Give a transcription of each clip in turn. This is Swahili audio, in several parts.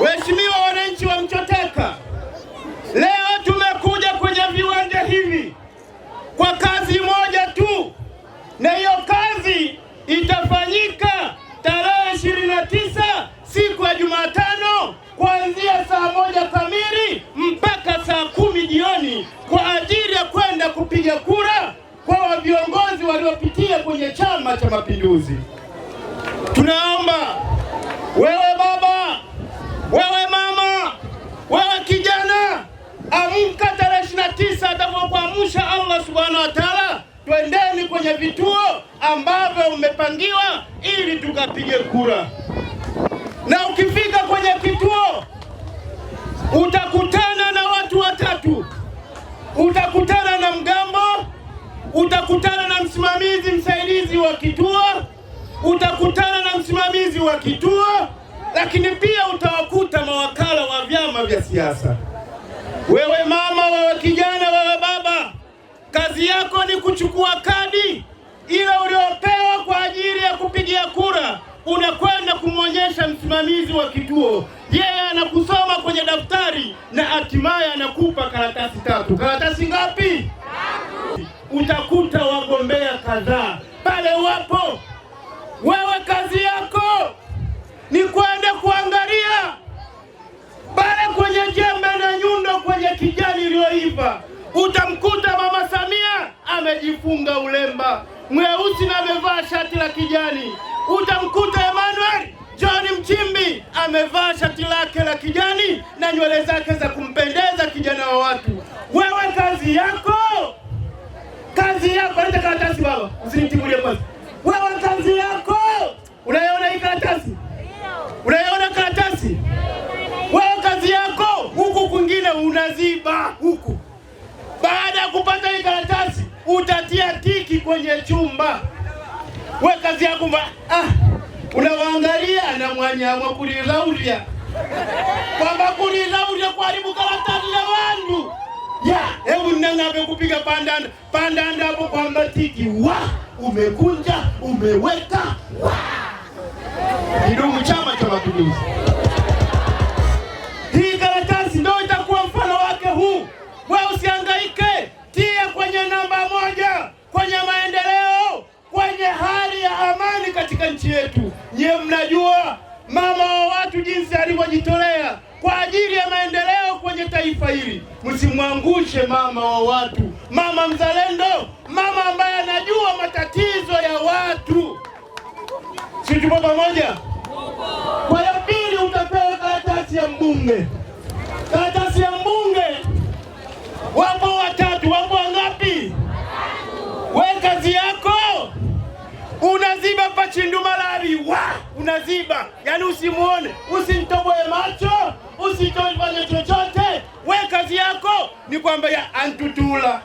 Waheshimiwa wananchi wa Mchoteka, leo tumekuja kwenye viwanja hivi kwa kazi moja tu, na hiyo kazi itafanyika tarehe ishirini na tisa siku ya Jumatano kuanzia saa moja kamili mpaka saa kumi jioni kwa ajili ya kwenda kupiga kura kwa viongozi waliopitia kwenye Chama cha Mapinduzi. tunao ambavyo umepangiwa ili tukapige kura. Na ukifika kwenye kituo utakutana na watu watatu, utakutana na mgambo, utakutana na msimamizi msaidizi wa kituo, utakutana na msimamizi wa kituo, lakini pia utawakuta mawakala wa vyama vya siasa. Wewe mama, wewe kijana, wewe baba, kazi yako ni kuchukua kadi ile ulio kumpigia kura, unakwenda kumwonyesha msimamizi wa kituo, yeye anakusoma kwenye daftari na hatimaye anakupa karatasi tatu. Karatasi ngapi? Tatu. Utakuta wagombea kadhaa pale wapo. Wewe kazi yako ni kwenda kuangalia pale kwenye jembe na nyundo kwenye kijani iliyoiva, utamkuta Mama Samia amejifunga ulemba mweusi na amevaa utamkuta Emmanuel John Mchimbi amevaa shati lake la kijani na nywele zake za kumpendeza kijana wa watu. Wewe kazi yako, kazi yako, leta karatasi baba, usinitimulie kwanza. Wewe kazi yako, unaiona hii karatasi? Unaiona karatasi? Wewe kazi yako huku kwingine unaziba huku. Baada ya kupata hii karatasi, utatia tiki kwenye chumba we kazi yako mba ah, unawaangalia na mwanyama kulilauria kwamba kulilauria kuharibu karatasi ya wandu ya hebu nang'ambe kupiga pandanda pandanda hapo kwa matiki wa umekunja umeweka wa kidumu Chama cha Mapinduzi. katika nchi yetu. Nyiye mnajua mama wa watu jinsi alivyojitolea kwa ajili ya maendeleo kwenye taifa hili. Msimwangushe mama wa watu, mama mzalendo, mama ambaye anajua matatizo ya watu. Si tupo pamoja? Kwa ya pili, utapewa karatasi ya mbunge, karatasi ya mbunge wapo Kama chindumalari wa unaziba, yani usimuone, usimtoboe macho, usifanye chochote. We kazi yako ni kwamba ya antutula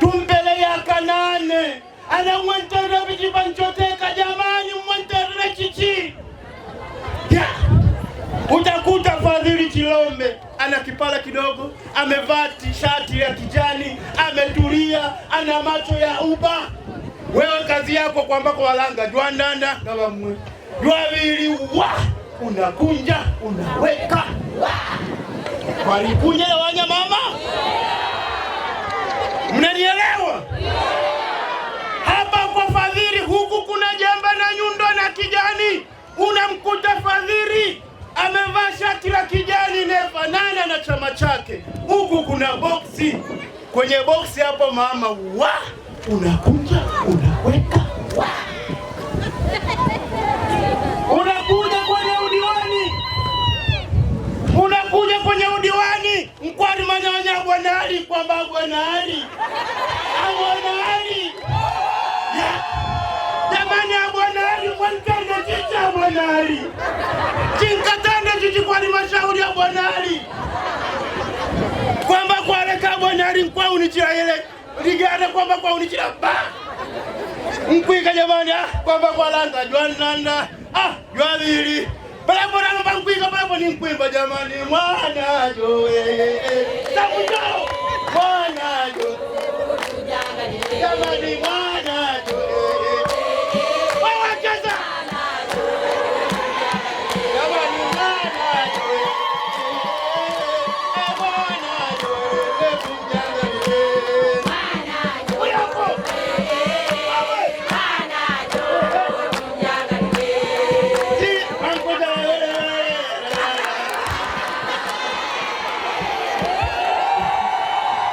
tumpele ya kanane ana mwentere vijipanchoteka. Jamani, mwentere chichi ya utakuta Fadhili Chilombe ana kipala kidogo, amevaa tishati ya kijani, ametulia, ana macho ya uba wewe kazi yako kwambako walanga jwandanda ndanda bamwe vili wa unakunja unaweka walikunya wanya mama mnanielewa hapa kwa fadhili huku kuna jembe na nyundo na kijani unamkuta fadhili amevaa shati la kijani nefanana na chama chake huku kuna boksi kwenye boksi hapo mama wa unakunja kuweka unakuja kwenye udiwani, unakuja kwenye udiwani mkwani manyanya gwanari kwamba gwanari agwanari jamani, agwanari mwalikanda chicha gwanari chinkatanda chichi kwa halmashauri ya gwanari kwamba kwareka gwanari nkwaunichila yele ligana kwamba kwaunichila ba Mkwika jamani, kwamba kwa landa jwa nanda ah, jwa lili palapo nalo pa palapo ni mkwimba jamani, mwana joe eh, eh, takujo mwana